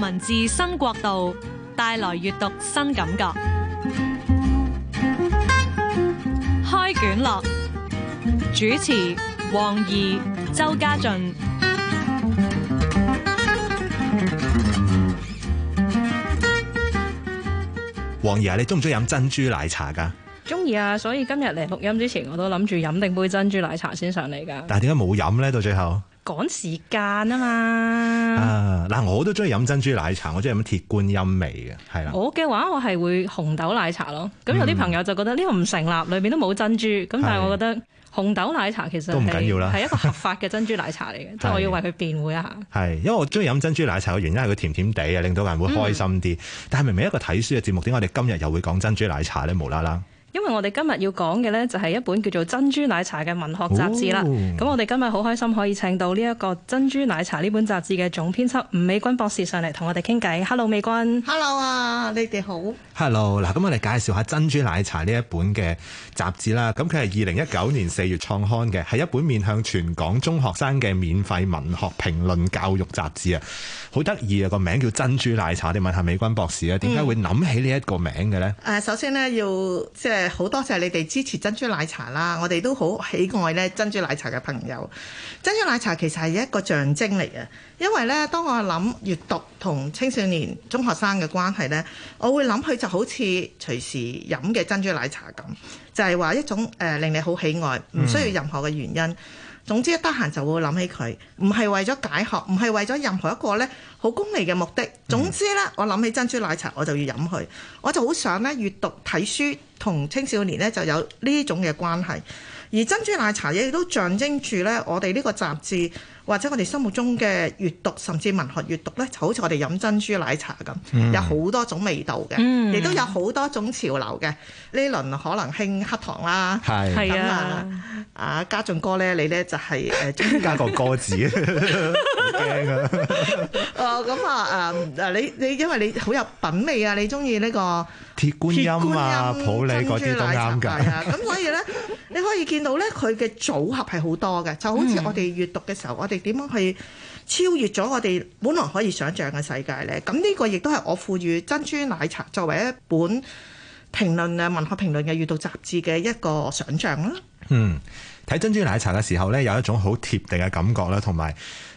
文字新國度帶來閱讀新感覺，開卷樂，主持黃怡、周家俊。黃怡啊，你中唔中意飲珍珠奶茶㗎？中意啊，所以今日嚟錄音之前，我都諗住飲定杯珍珠奶茶先上嚟㗎。但係點解冇飲呢？到最後。趕時間啊嘛！啊嗱，我都中意飲珍珠奶茶，我中意飲鐵觀音味嘅，係啦。我嘅話我係會紅豆奶茶咯。咁、嗯、有啲朋友就覺得呢個唔成立，裏面都冇珍珠。咁、嗯、但係我覺得紅豆奶茶其實都唔緊要啦，係 一個合法嘅珍珠奶茶嚟嘅。即係 我要為佢辯護一下，係，因為我中意飲珍珠奶茶嘅原因係佢甜甜地啊，令到人會開心啲。嗯、但係明明一個睇書嘅節目，點解我哋今日又會講珍，珍珠奶茶咧？無啦啦！我哋今日要講嘅，呢，就係一本叫做《珍珠奶茶》嘅文學雜誌啦。咁、哦、我哋今日好開心可以請到呢、這、一個《珍珠奶茶》呢本雜誌嘅總編輯吳美筠博士上嚟同我哋傾偈。Hello，美筠。Hello 啊，你哋好。Hello，嗱，咁我哋介紹下《珍珠奶茶》呢一本嘅雜誌啦。咁佢係二零一九年四月創刊嘅，係一本面向全港中學生嘅免費文學評論教育雜誌啊。好得意啊，個名叫《珍珠奶茶》，你問下美筠博士啊，點解會諗起呢一個名嘅呢？誒、嗯，首先呢，要即係。好多謝你哋支持珍珠奶茶啦！我哋都好喜愛咧珍珠奶茶嘅朋友。珍珠奶茶其實係一個象徵嚟嘅，因為咧，當我諗閱讀同青少年中學生嘅關係咧，我會諗佢就好似隨時飲嘅珍珠奶茶咁，就係、是、話一種誒、呃、令你好喜愛，唔需要任何嘅原因。嗯。總之一得閒就會諗起佢，唔係為咗解渴，唔係為咗任何一個咧好功利嘅目的。總之咧，我諗起珍珠奶茶我就要飲佢，我就好想咧閲讀睇書，同青少年咧就有呢種嘅關係。而珍珠奶茶嘢亦都象徵住咧，我哋呢個雜誌或者我哋心目中嘅閱讀，甚至文學閱讀咧，就好似我哋飲珍珠奶茶咁，有好多種味道嘅，亦都有好多種潮流嘅。呢輪可能興黑糖啦，係啊，啊家俊哥咧，你咧就係誒中加個歌字 啊，好驚啊！哦，咁、嗯、啊，啊嗱，你你因為你好有品味啊，你中意呢個鐵觀音啊、音普洱嗰啲都啱㗎，咁對 所以咧。你可以見到咧，佢嘅組合係好多嘅，就好似我哋閱讀嘅時候，我哋點樣去超越咗我哋本來可以想像嘅世界呢？咁呢個亦都係我賦予珍珠奶茶作為一本評論啊文學評論嘅閱讀雜誌嘅一個想像啦。嗯，睇珍珠奶茶嘅時候呢，有一種好貼地嘅感覺啦，同埋。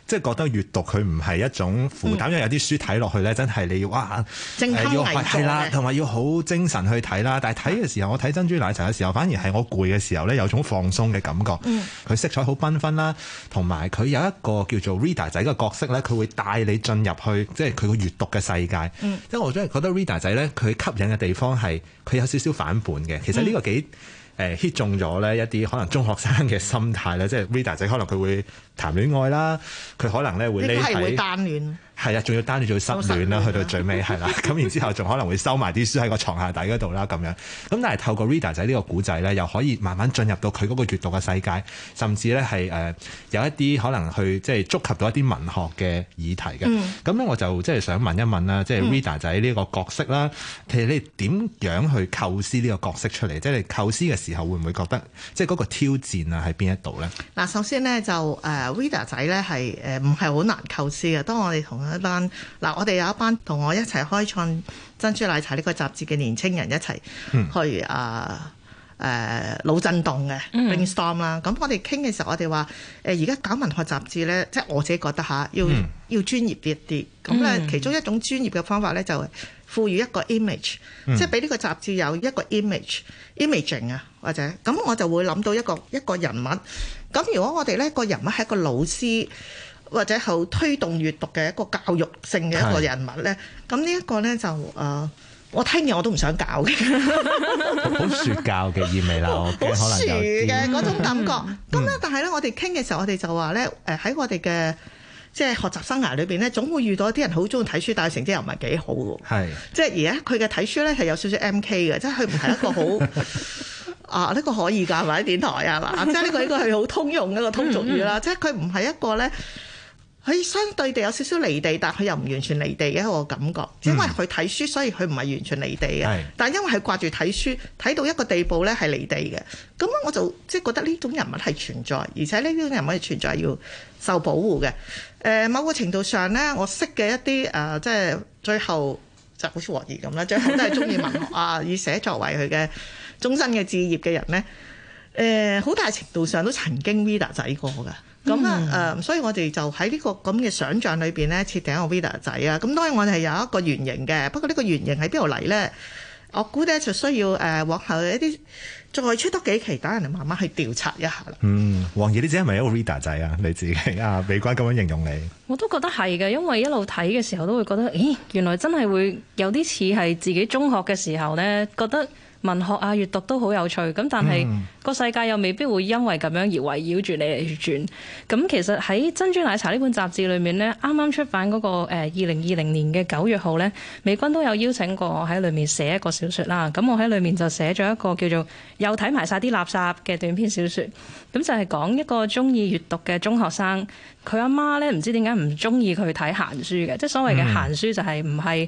即係覺得閱讀佢唔係一種負擔，嗯、因為有啲書睇落去咧，真係你要哇，呃、要係、嗯、啦，同埋要好精神去睇啦。但係睇嘅時候，我睇珍珠奶茶嘅時候，反而係我攰嘅時候咧，有種放鬆嘅感覺。佢、嗯、色彩好繽紛啦，同埋佢有一個叫做 Reader 仔嘅角色咧，佢會帶你進入去即係佢個閱讀嘅世界。嗯，因為我真係覺得 Reader 仔咧，佢吸引嘅地方係佢有少少，少反叛嘅。其實呢個幾。嗯誒 hit 中咗咧，一啲可能中學生嘅心態咧，即係 Vida 仔可能佢會談戀愛啦，佢可能咧會單戀。係啊，仲要單住要失戀啦，戀去到最尾係啦。咁 然後之後，仲可能會收埋啲書喺個床下底嗰度啦，咁樣。咁但係透過 Reader 仔呢、呢個古仔咧，又可以慢慢進入到佢嗰個閱讀嘅世界，甚至咧係誒有一啲可能去即係觸及到一啲文學嘅議題嘅。咁咧、嗯，我就即係想問一問啦，即係 Reader 仔呢、呢個角色啦，嗯、其實你點樣去構思呢個角色出嚟？即係你構思嘅時候會唔會覺得即係嗰個挑戰啊喺邊一度咧？嗱，首先咧就誒、呃、Reader 仔咧係誒唔係好難構思嘅。當我哋同一班嗱，我哋有一班同我 一齊開創珍珠奶茶呢個雜誌嘅年青人一齊去、mm hmm. 啊誒、啊、腦震盪嘅 brain storm 啦。咁、mm hmm. 我哋傾嘅時候，我哋話誒而家搞文學雜誌咧，即係我自己覺得吓，要要專業啲一啲。咁咧，其中一種專業嘅方法咧，就係賦予一個 image，、mm hmm. 即係俾呢個雜誌有一個 image，imaging 啊，或者咁，我就會諗到一個一個人物。咁如果我哋咧，個人物係一個老師。或者好推動閱讀嘅一個教育性嘅一個人物咧，咁 呢一個咧就誒，我聽日我都唔想搞嘅，好說教嘅意味啦，好樹嘅嗰種感覺。咁、嗯、咧、嗯， 但係咧，我哋傾嘅時候，我哋就話咧，誒喺我哋嘅即係學習生涯裏邊咧，總會遇到啲人好中意睇書，但係成績又唔係幾好喎。即係對而家佢嘅睇書咧係有少少 MK 嘅，即係佢唔係一個好 啊呢、呢個可以㗎，喺電台啊嘛，即係呢個呢個係好通用一個通俗語啦，即係佢唔係一個咧。 佢相對地有少少離地，但佢又唔完全離地嘅一個感覺。嗯、因為佢睇書，所以佢唔係完全離地嘅。是但因為佢掛住睇書，睇到一個地步咧係離地嘅。咁我就即係覺得呢種人物係存在，而且呢種人物存在要受保護嘅。誒、呃，某個程度上咧，我識嘅一啲誒，即、呃、係最，最後就好似黃義咁啦，最後都係中意文學啊， 以寫作為佢嘅終身嘅志業嘅人咧。誒、呃，好大程度上都曾經 read 仔過嘅。咁、嗯、 啊，誒，所以我哋就喺呢、這個咁嘅想像裏邊咧，設定一個 reader 仔啊。咁當然我哋係有一個原型嘅，不過呢個原型喺邊度嚟咧？我估咧就需要誒、啊、往後一啲再多出多幾期，等人哋慢慢去調查一下啦。嗯，黃葉呢隻係咪一個 reader 仔啊？你自己啊，美筠咁樣形容你，我都覺得係嘅，因為一路睇嘅時候都會覺得，咦，原來真係會有啲似係自己中學嘅時候咧，覺得。文學啊，閱讀都好有趣。咁但係個世界又未必會因為咁樣而圍繞住你嚟轉。咁其實喺珍珠奶茶呢本雜誌裏面呢，啱啱出版嗰個二零二零年嘅九月號呢，美筠都有邀請過我喺裏面寫一個小説啦。咁我喺裏面就寫咗一個叫做又睇埋晒啲垃圾嘅短篇小説。咁就係講一個中意閱讀嘅中學生，佢阿媽呢唔知點解唔中意佢睇閒書嘅，即係所謂嘅閒書就係唔係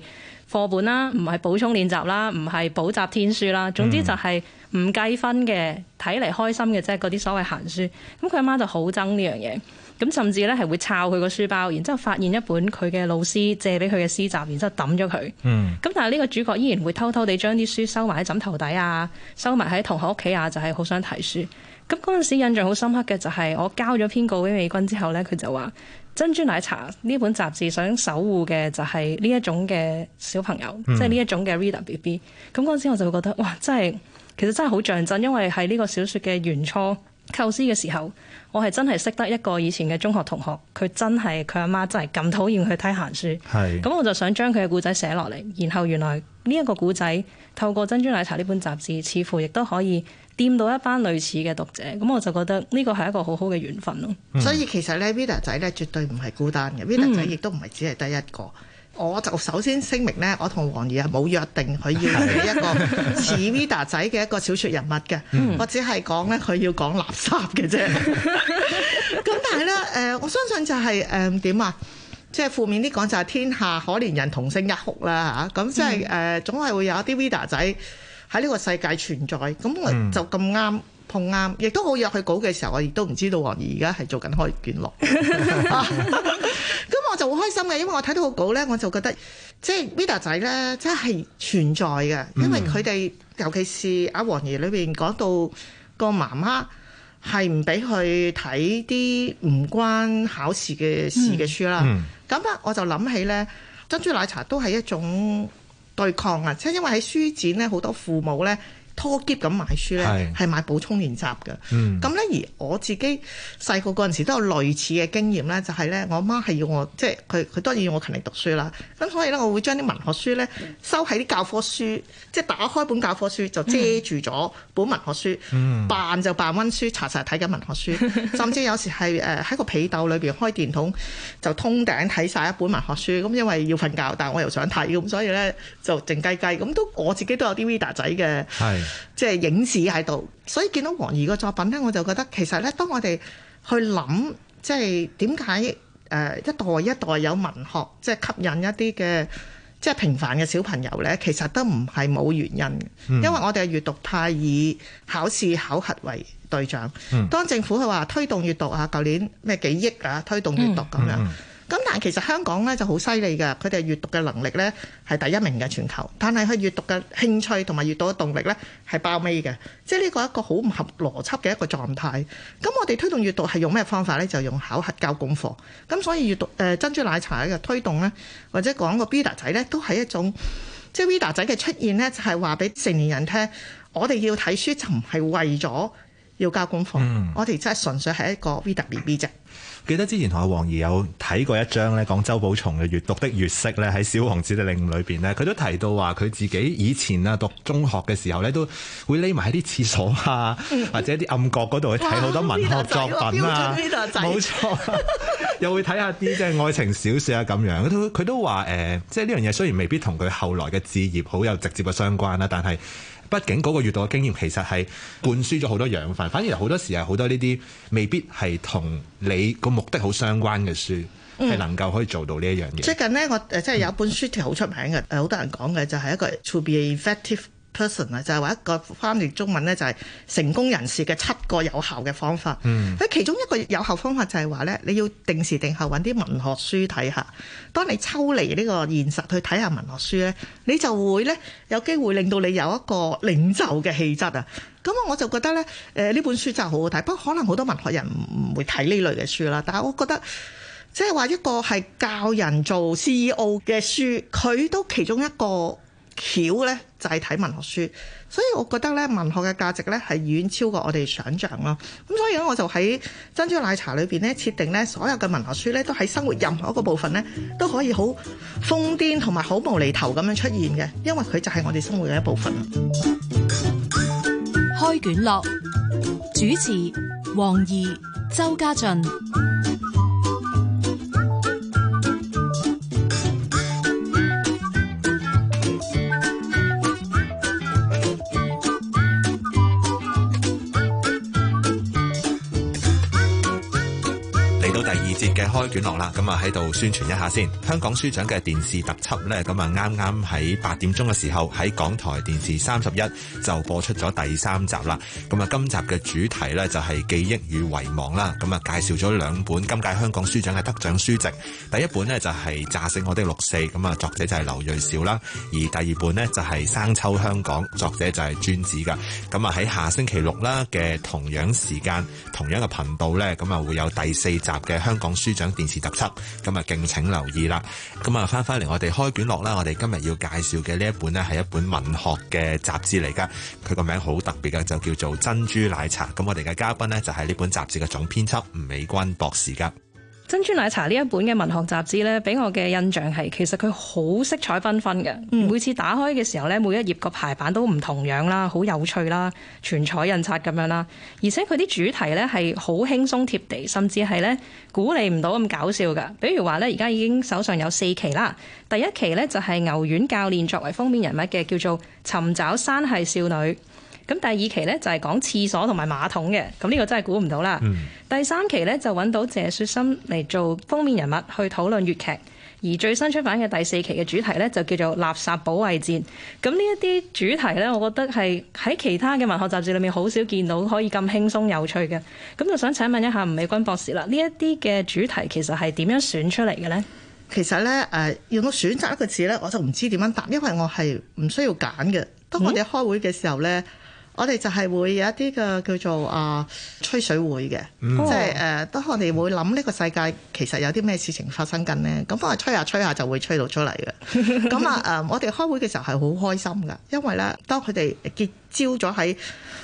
課本啦，唔係補充練習啦，唔係補習天書啦，總之就係唔計分嘅，睇嚟，嗯、開心嘅即係，嗰啲所謂閒書。咁佢阿媽就好憎呢樣嘢，咁甚至咧係會抄佢個書包，然之後發現一本佢嘅老師借俾佢嘅詩集，然之後抌咗佢。咁，嗯、但係呢個主角依然會偷偷地將啲書收埋喺枕頭底啊，收埋喺同學屋企啊，就係、是，好想睇書。咁嗰陣時印象好深刻嘅就係我交咗篇稿俾美君之後咧，佢就話。珍珠奶茶呢本雜誌想守護嘅就係呢一種嘅小朋友，嗯、即係呢一種嘅 read BB。咁嗰陣時我就會覺得，哇！真係其實真係好象真，因為喺呢個小說嘅原初構思嘅時候，我係真係識得一個以前嘅中學同學，佢真係佢阿媽真係咁討厭佢去睇閒書，係咁是我就想將佢嘅故仔寫落嚟，然後原來呢一個故仔透過珍珠奶茶呢本雜誌似乎亦都可以。掂到一班類似嘅讀者，咁我就覺得呢個係一個好好嘅緣分咯。嗯、所以其實咧，Vida 仔咧絕對唔係孤單嘅。Vida 仔亦都唔係只係得一個。嗯、我就首先聲明咧，我同王姨係冇約定佢要係一個似 Vida 仔嘅一個小説人物嘅。嗯、我只係講咧，佢要講垃圾嘅啫。咁 但係咧，誒，我相信就係誒點啊，即、嗯、係、就係、負面啲講就係、係、天下可憐人同聲一哭啦嚇。咁即係誒，總係會有一啲 Vida 仔，喺呢個世界存在，咁我就咁啱碰啱，亦都好約佢稿嘅時候，我亦都唔知道王怡而家係做緊開卷樂。咁我就好開心嘅，因為我睇到個稿咧，我就覺得即係 Vida 仔咧，真係存在嘅，因為佢哋尤其是阿王怡裏邊講到個媽媽係唔俾佢睇啲唔關考試嘅事嘅書啦。咁啊，我就諗起咧珍珠奶茶都係一種。對抗啊，即係因為喺書展呢，好多父母呢，拖幾咁買書呢，係買補充練習嘅。咁呢、嗯，而我自己細個嗰陣時都有類似嘅經驗呢，就係呢：我媽係要我即係佢佢當然要我勤力讀書啦。咁所以呢，我會將啲文學書呢收喺啲教科書，即係打開本教科書就遮住咗本文學書，嗯、扮就扮温書，查查睇緊文學書，嗯、 甚至有時係誒喺個被竇裏邊開電筒就通頂睇晒一本文學書。咁因為要瞓覺，但我又想睇，咁所以呢，就靜雞雞咁都我自己都有啲 Vita 仔嘅。即係影子喺度，所以見到王儀個作品呢，我就覺得其實呢，當我哋去諗，即係點解誒一代一代有文學，即係吸引一啲嘅即係平凡嘅小朋友呢，其實都唔係冇原因。因為我哋嘅閱讀太以考試考核為對象。當政府佢話推動閱讀啊，舊年咩幾億啊推動閱讀咁樣。嗯嗯嗯嗯咁但係其實香港咧就好犀利嘅，佢哋嘅閱讀嘅能力咧係第一名嘅全球，但係佢閱讀嘅興趣同埋閱讀嘅動力咧係爆尾嘅，即係呢個一個好唔合邏輯嘅一個狀態。咁、嗯、我哋推動閱讀係用咩方法咧？就用考核交功課。咁、嗯、所以閱讀誒、呃、珍珠奶茶嘅推動咧，或者講個 Vida 仔咧，都係一種，即係 Vida 仔嘅出現咧，就係話俾成年人聽，我哋要睇書就唔係為咗，要交功課，嗯、我哋真係純粹係一個 V w B B 啫。記得之前同阿黃怡有睇過一章咧，講周保松嘅《閱讀的月色》咧，喺《小王子》嘅領悟裏邊咧，佢都提到話佢自己以前啊讀中學嘅時候咧，都會匿埋喺啲廁所啊，嗯、或者啲暗角嗰度去睇好多文學作品啊，冇錯， 又會睇下啲即係愛情小説啊咁樣。佢都佢都話、呃、即係呢樣嘢雖然未必同佢後來嘅志業好有直接嘅相關啦，但係。畢竟嗰個閲讀嘅經驗其實係灌輸咗好多養分，反而好多時係好多呢啲未必係同你個目的好相關嘅書，係、嗯、能夠可以做到呢一樣嘢。最近咧，我誒即係有一本書好出名嘅，誒好、嗯、多人講嘅就係、是、一個 To be effective。person 就係話一個翻譯中文呢就係、是、成功人士嘅七個有效嘅方法。佢、嗯、其中一個有效方法就係話呢你要定時定候揾啲文學書睇下。當你抽離呢個現實去睇下文學書呢，你就會呢有機會令到你有一個領袖嘅氣質啊。咁我就覺得咧，誒、呃、呢本書真係好好睇。不過可能好多文學人唔會睇呢類嘅書啦。但係我覺得，即係話一個係教人做 CEO 嘅書，佢都其中一個。巧咧就係睇文學書，所以我覺得咧文學嘅價值咧係遠超過我哋想象咯。咁所以咧我就喺珍珠奶茶裏邊咧設定咧所有嘅文學書咧都喺生活任何一個部分咧都可以好瘋癲同埋好無厘頭咁樣出現嘅，因為佢就係我哋生活嘅一部分啊。開卷樂，主持黃怡、周家俊。嘅開卷落啦，咁啊喺度宣傳一下先。香港書獎嘅電視特輯呢，咁啊啱啱喺八點鐘嘅時候喺港台電視三十一就播出咗第三集啦。咁啊，今集嘅主題呢，就係記憶與遺忘啦。咁啊，介紹咗兩本今屆香港書獎嘅得獎書籍。第一本呢，就係《炸死我的六四》，咁啊作者就係劉銳紹啦。而第二本呢，就係《生抽香港》，作者就係專子㗎。咁啊喺下星期六啦嘅同樣時間、同樣嘅頻道呢，咁啊會有第四集嘅香港。書獎電視特輯，咁啊，敬請留意啦。咁啊，翻翻嚟我哋開卷樂啦。我哋今日要介紹嘅呢一本呢，係一本文學嘅雜誌嚟噶。佢個名好特別嘅，就叫做《珍珠奶茶》。咁我哋嘅嘉賓呢，就係呢本雜誌嘅總編輯吳美筠博士噶。珍珠奶茶呢一本嘅文學雜誌咧，俾我嘅印象係其實佢好色彩繽紛嘅。嗯、每次打開嘅時候咧，每一頁個排版都唔同樣啦，好有趣啦，全彩印刷咁樣啦。而且佢啲主題咧係好輕鬆貼地，甚至係咧估你唔到咁搞笑嘅。比如話咧，而家已經手上有四期啦。第一期呢就係牛丸教練作為封面人物嘅，叫做尋找山系少女。咁第二期呢，就係、是、講廁所同埋馬桶嘅，咁呢個真係估唔到啦。嗯、第三期呢，就揾到謝雪心嚟做封面人物去討論粵劇，而最新出版嘅第四期嘅主題呢，就叫做垃圾保衛戰。咁呢一啲主題呢，我覺得係喺其他嘅文學雜誌裏面好少見到可以咁輕鬆有趣嘅。咁就想請問一下吳美筠博士啦，呢一啲嘅主題其實係點樣選出嚟嘅呢？其實呢，誒、呃、用到選擇一個字呢，我就唔知點樣答，因為我係唔需要揀嘅。不過我哋開會嘅時候呢。嗯我哋就係會有一啲嘅叫做啊吹水會嘅，即係誒，當、就是呃、我哋會諗呢個世界其實有啲咩事情發生緊呢。咁當我吹下吹下就會吹到出嚟嘅。咁 啊誒，我哋開會嘅時候係好開心嘅，因為咧，當佢哋結交咗喺，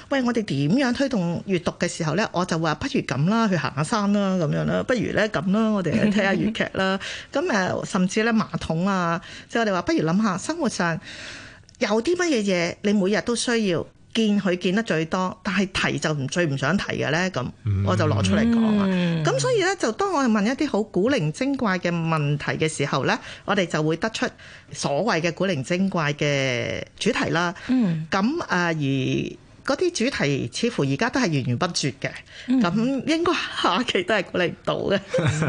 喂，我哋點樣推動閱讀嘅時候咧，我就話不如咁啦，去行下山啦，咁樣啦、啊，不如咧咁啦，我哋去睇下粵劇啦。咁誒、 啊，甚至咧馬桶啊，即係我哋話不如諗下生活上有啲乜嘢嘢，你每日都需要。見佢見得最多，但係提就最唔想提嘅咧，咁我就攞出嚟講啊。咁、嗯、所以咧，就當我哋問一啲好古靈精怪嘅問題嘅時候咧，我哋就會得出所謂嘅古靈精怪嘅主題啦。咁啊、嗯呃，而嗰啲主題似乎而家都係源源不絕嘅，咁、嗯、應該下期都係管理唔到估你唔到嘅。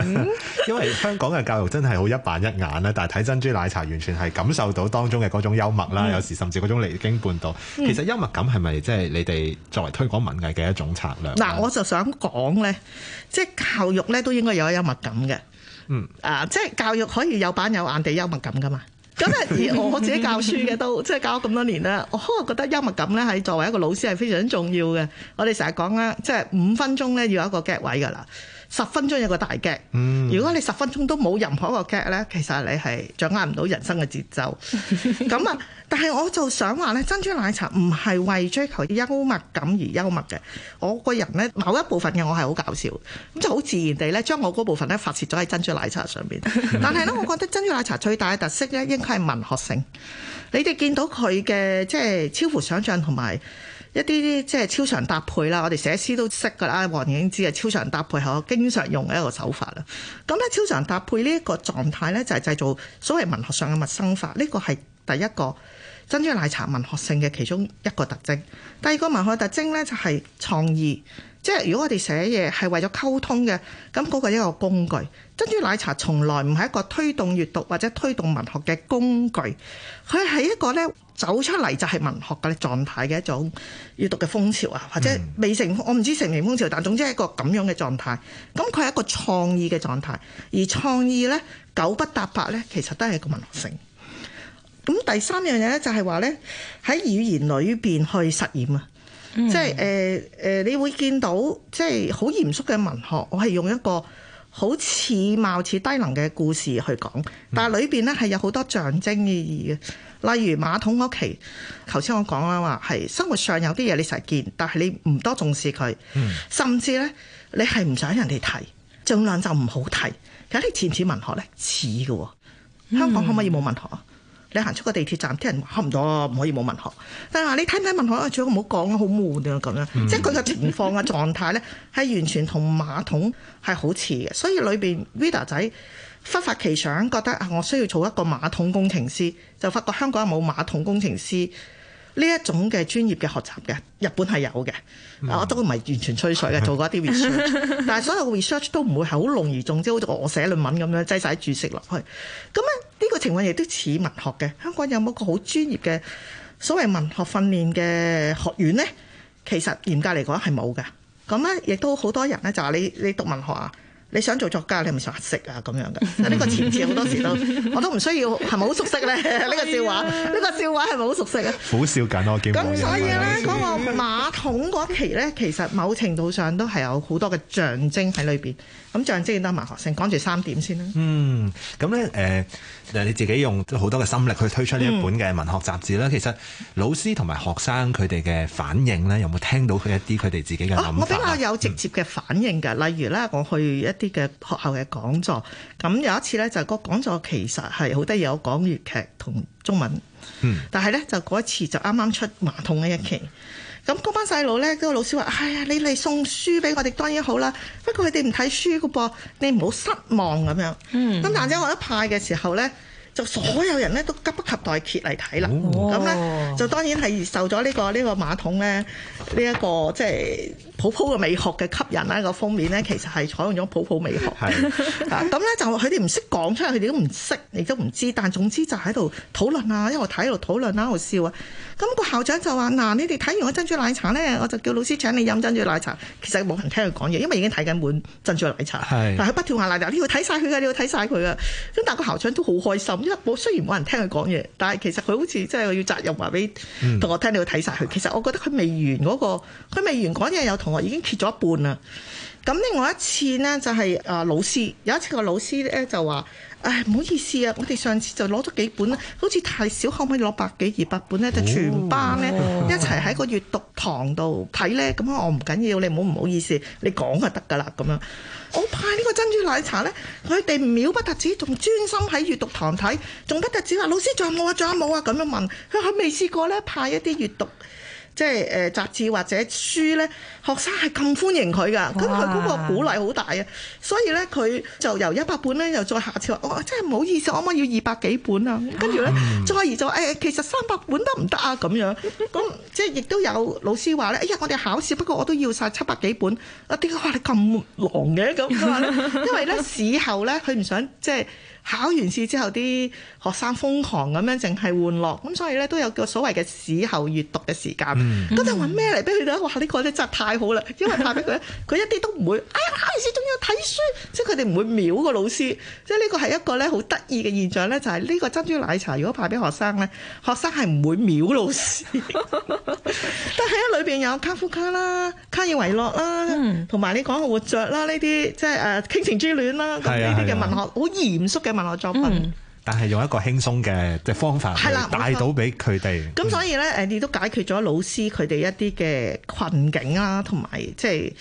嗯、 因為香港嘅教育真係好一板一眼啦，但係睇珍珠奶茶完全係感受到當中嘅嗰種幽默啦，嗯、有時甚至嗰種離經叛道。其實幽默感係咪即係你哋作為推廣文藝嘅一種策略？嗱，我就想講呢，即係教育呢都應該有幽默感嘅。嗯啊，即、就、係、是、教育可以有板有眼地幽默感噶嘛？咁咧， 而我自己教書嘅都即係教咗咁多年啦，我覺得幽默感咧係作為一個老師係非常重要嘅。我哋成日講啦，即係五分鐘咧要有一個 get 位㗎啦。十分鐘有個大 gag，如果你十分鐘都冇任何一個 gag 咧，其實你係掌握唔到人生嘅節奏。咁啊，但係我就想話咧，珍珠奶茶唔係為追求幽默感而幽默嘅。我個人咧，某一部分嘅我係好搞笑，咁就好自然地咧，將我嗰部分咧發洩咗喺珍珠奶茶上邊。但係咧，我覺得珍珠奶茶最大嘅特色咧，應該係文學性。你哋見到佢嘅即係超乎想像同埋。一啲即係超常搭配啦，我哋寫詩都識㗎啦，望你已經知啊。超常搭配係我經常用嘅一個手法啦。咁、嗯、咧，超常搭配呢一個狀態咧，就係、是、製造所謂文學上嘅陌生化。呢個係第一個。珍珠奶茶文學性嘅其中一個特徵，第二個文學特徵呢，就係、是、創意，即係如果我哋寫嘢係為咗溝通嘅，咁嗰個一個工具，珍珠奶茶從來唔係一個推動閱讀或者推動文學嘅工具，佢係一個呢走出嚟就係文學嘅狀態嘅一種閱讀嘅風潮啊，嗯、或者未成，我唔知成形風潮，但總之係一個咁樣嘅狀態。咁佢係一個創意嘅狀態，而創意呢，九不搭八呢，其實都係一個文學性。咁第三樣嘢咧就係話咧喺語言裏邊去實驗啊，嗯、即係誒誒，你會見到即係好嚴肅嘅文學，我係用一個好似貌似低能嘅故事去講，但係裏邊咧係有好多象徵意義嘅，例如馬桶屋企，頭先我講啦，話係生活上有啲嘢你實見，但係你唔多重視佢，嗯、甚至咧你係唔想人哋提，儘量就唔好提。其實似唔似文學咧？似㗎。香港可唔可以冇文學啊？嗯嗯你行出個地鐵站，啲人話唔到，唔可，可以冇文學。但係你睇唔睇文學啊？最好唔好講啊，好悶啊咁樣。嗯、即係佢個情況嘅狀態呢，係完全同馬桶係好似嘅。所以裏邊 Vida 仔忽發奇想，覺得啊，我需要做一個馬桶工程師，就發覺香港有冇馬桶工程師。呢一種嘅專業嘅學習嘅，日本係有嘅，嗯、我都唔係完全吹水嘅，的做過一啲 research，但係所有 research 都唔會係好隆而重之，好似我寫論文咁樣擠晒注釋落去。咁咧呢、呢個情況亦都似文學嘅，香港有冇個好專業嘅所謂文學訓練嘅學院呢？其實嚴格嚟講係冇嘅。咁咧亦都好多人咧就話你你讀文學啊。你想做作家，你係咪想食啊？咁樣嘅，呢個前字好多時都，我都唔需要係咪好熟悉咧？呢個笑話，呢、呢個笑話係咪好熟悉啊？苦笑緊咯，咁所以咧嗰個馬桶嗰期咧，其實某程度上都係有好多嘅象徵喺裏邊。咁象徵得文學性，講住三點先啦、嗯。嗯，咁咧誒，你自己用好多嘅心力去推出呢一本嘅文學雜誌啦。其實老師同埋學生佢哋嘅反應咧，有冇聽到佢一啲佢哋自己嘅諗法、哦？我比較有直接嘅反應㗎，例、嗯、如咧，我去一啲嘅學校嘅講座，咁有一次呢，就係，個講座其實係好得意，有講粵劇同中文。嗯。但係呢，就嗰一次就啱啱出馬桶嘅一期，咁嗰班細路呢，嗰、嗰個老師話：哎呀，你嚟送書俾我哋當然好啦，不過佢哋唔睇書㗎噃，你唔好失望咁樣。嗯。咁但係我一派嘅時候呢，就所有人咧都急不及待揭嚟睇啦，咁咧就當然係受咗呢個呢個馬桶咧呢一個即係普普嘅美學嘅吸引啦。個封面咧其實係採用咗普普美學，咁咧就佢哋唔識講出嚟，佢哋都唔識，你都唔知。但總之就喺度討論啊，一邊睇，一邊討論，一邊笑啊。咁個校長就話：嗱，你哋睇完個珍珠奶茶咧，我就叫老師請你飲珍珠奶茶。其實冇人聽佢講嘢，因為已經睇緊碗珍珠奶茶。但佢不斷話：奶茶，你要睇晒佢嘅，你要睇晒佢嘅。咁但係個校長都好開心。我雖然冇人聽佢講嘢，但係其實佢好似真係要責任話俾同我聽，你要睇晒佢。其實我覺得佢未完嗰個，佢未完講嘢，有同學已經揭咗一半啦。咁另外一次呢，就係啊老師，有一次個老師咧就話：唉唔好意思啊，我哋上次就攞咗幾本，好似太少，可唔可以攞百幾二百本呢？就全班呢，一齊喺個閲讀堂度睇呢。哦」咁、哦、我唔緊要，你唔好唔好意思，你講就得㗎喇咁樣。我派呢個珍珠奶茶呢，佢哋秒不特止，仲專心喺閲讀堂睇，仲不特止話老師仲有冇啊？仲有冇啊？咁樣問，佢佢未試過呢，派一啲閲讀。即係誒雜誌或者書呢，學生係咁歡迎佢㗎，咁佢嗰個鼓勵好大啊！所以呢，佢就由一百本呢，又再下次話，我、哦、真係唔好意思，我啱啱要二百幾本啊！跟住呢，嗯、再而就誒，其實三百本得唔得啊？咁樣咁即係亦都有老師話呢，哎呀，我哋考試不過我都要晒七百幾本，我點解話你咁狼嘅咁、啊？因為呢，事後呢，佢唔想即係。考完試之後，啲學生瘋狂咁樣淨係玩樂，咁所以咧都有個所謂嘅試後閱讀嘅時間。咁、嗯、就話咩嚟俾佢哋？我話呢個真係太好啦，因為派俾佢佢一啲都唔會。哎呀，考完試仲要睇書，即係佢哋唔會秒個老師。即係呢個係一個咧好得意嘅現象咧，就係、是、呢個珍珠奶茶如果派俾學生咧，學生係唔會秒老師。 但係喺裏邊有卡夫卡啦、卡爾維諾啦，同埋、嗯、你講嘅活着啦呢啲，即係誒、啊、傾情之戀啦咁呢啲嘅文學好、哎、呀嚴肅嘅。問我作品，嗯、但係用一個輕鬆嘅嘅方法帶，係啦，帶到俾佢哋。咁、嗯、所以咧，誒，你都解決咗老師佢哋一啲嘅困境啦，同埋即係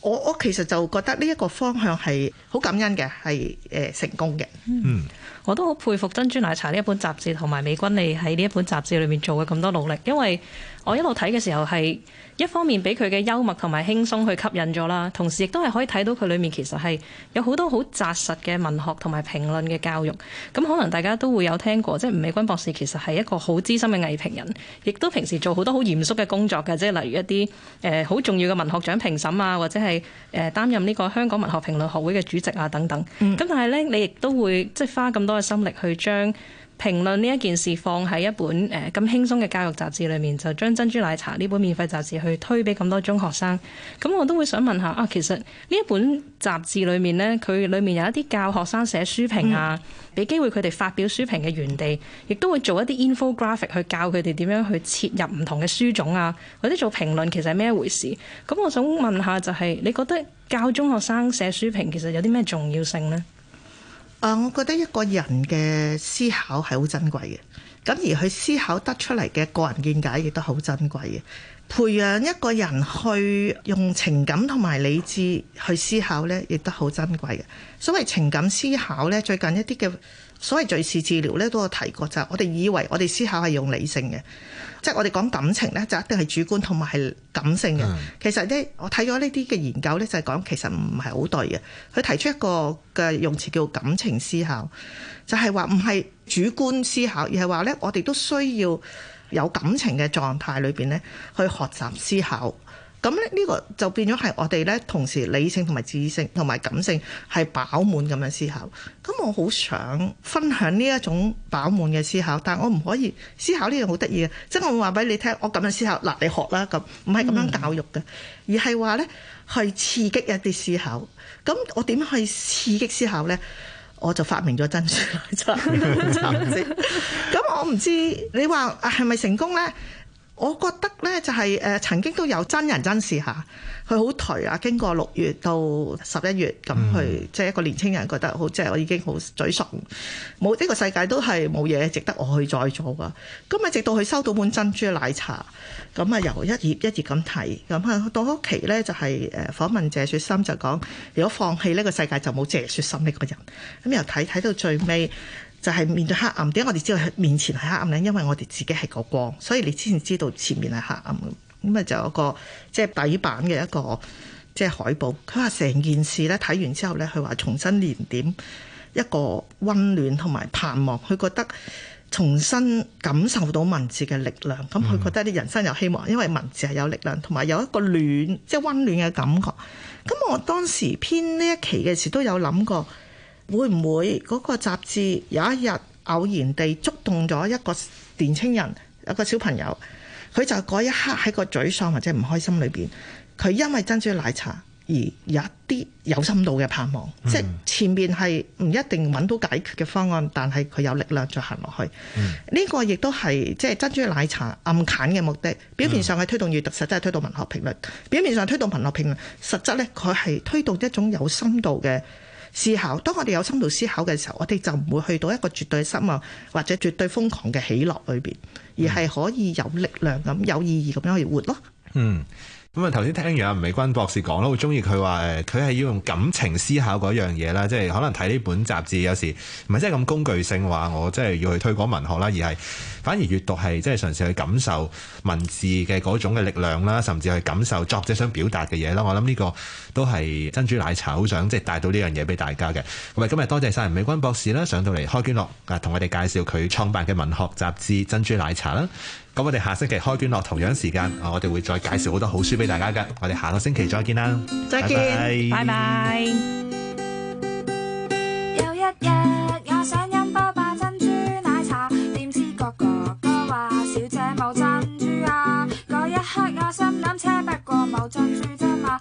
我我其實就覺得呢一個方向係好感恩嘅，係誒成功嘅。嗯。我都好佩服《珍珠奶茶》呢一本雜誌同埋美筠你喺呢一本雜誌裏面做嘅咁多努力，因為我一路睇嘅時候係一方面俾佢嘅幽默同埋輕鬆去吸引咗啦，同時亦都係可以睇到佢裏面其實係有好多好紮實嘅文學同埋評論嘅教育。咁可能大家都會有聽過，即係吳美筠博士其實係一個好資深嘅藝評人，亦都平時做好多好嚴肅嘅工作嘅，即係例如一啲誒，好重要嘅文學獎評審啊，或者係誒擔任呢個香港文學評論學會嘅主席啊等等。咁、嗯、但係咧，你亦都會即係花咁多。心力去將評論呢一件事放喺一本誒咁輕鬆嘅教育雜誌裏面，就將珍珠奶茶呢本免費雜誌去推俾咁多中學生。咁我都會想問下啊，其實呢一本雜誌裏面咧，佢裏面有一啲教學生寫書評啊，俾機會佢哋發表書評嘅園地，亦都會做一啲 infographic 去教佢哋點樣去切入唔同嘅書種啊，或者做評論其實係咩一回事。咁我想問下就係、是，你覺得教中學生寫書評其實有啲咩重要性咧？啊，我覺得一個人嘅思考係好珍貴嘅，咁而佢思考得出嚟嘅個人見解亦都好珍貴嘅。培養一個人去用情感同埋理智去思考呢，亦都好珍貴嘅。所謂情感思考呢，最近一啲嘅所謂敘事治療呢都有提過，就係我哋以為我哋思考係用理性嘅，即係我哋講感情呢，就一定係主觀同埋係感性嘅。其實呢，我睇咗呢啲嘅研究呢，就係講其實唔係好對嘅。佢提出一個嘅用詞叫感情思考，就係話唔係主觀思考，而係話呢，我哋都需要。有感情嘅狀態裏邊咧，去學習思考，咁咧呢個就變咗係我哋咧同時理性同埋智性同埋感性係飽滿咁樣思考。咁我好想分享呢一種飽滿嘅思考，但我唔可以思考呢樣好得意嘅，即係我會話俾你聽，我咁樣思考，嗱你學啦咁，唔係咁樣教育嘅，嗯、而係話咧去刺激一啲思考。咁我點樣去刺激思考呢？我就發明咗珍珠奶茶，咁我唔知你話係咪成功咧？我覺得呢，就係誒曾經都有真人真事下，佢好頹啊！經過六月到十一月，咁佢即係一個年輕人覺得好，即係我已經好沮喪，冇呢、這個世界都係冇嘢值得我去再做㗎。咁啊，直到佢收到本珍珠奶茶，咁啊由一頁一頁咁睇，咁啊到嗰期呢，就係誒訪問謝雪心就講，如果放棄呢個世界就冇謝雪心呢個人，咁又睇睇到最尾。就係面對黑暗，點解我哋知道面前係黑暗呢，因為我哋自己係個光，所以你先知道前面係黑暗。咁咪就有一個即係底板嘅一個即係海報。佢話成件事咧睇完之後咧，佢話重新連點一個温暖同埋盼望。佢覺得重新感受到文字嘅力量，咁佢覺得啲人生有希望，嗯、因為文字係有力量，同埋有一個暖即係温暖嘅感覺。咁我當時編呢一期嘅時都有諗過。會唔會嗰個雜誌有一日偶然地觸動咗一個年青人，一個小朋友，佢就嗰一刻喺個沮喪或者唔開心裏邊，佢因為珍珠奶茶而有一啲有深度嘅盼望，嗯、即前面係唔一定揾到解決嘅方案，但係佢有力量再行落去。呢、嗯、個亦都係即係珍珠奶茶暗砍嘅目的。表面上係推動閱讀，實際係推動文學評論。表面上推動文學評論，實質呢，佢係推動一種有深度嘅思考，當我哋有深度思考嘅時候，我哋就唔會去到一個絕對失望或者絕對瘋狂嘅喜樂裏邊，而係可以有力量咁、有意義咁樣去活咯。嗯。咁啊，頭先聽完阿吳美筠博士講啦，好中意佢話誒，佢係要用感情思考嗰樣嘢啦，即係可能睇呢本雜誌有時唔係真係咁工具性話我即係要去推廣文學啦，而係反而閲讀係即係嘗試去感受文字嘅嗰種嘅力量啦，甚至去感受作者想表達嘅嘢啦。我諗呢個都係珍珠奶茶好想即係帶到呢樣嘢俾大家嘅。咁啊，今日多謝晒吳美筠博士啦，上到嚟開卷樂啊，同我哋介紹佢創辦嘅文學雜誌《珍珠奶茶》啦。咁我哋下星期開卷樂同樣時間，我哋會再介紹好多好書俾大家㗎。我哋下個星期再見啦，再見，拜拜 bye。有一日，我想飲波霸珍珠奶茶，點知個哥哥話：小姐冇珍珠啊！嗰一刻我心諗：，車不過冇珍珠啫嘛。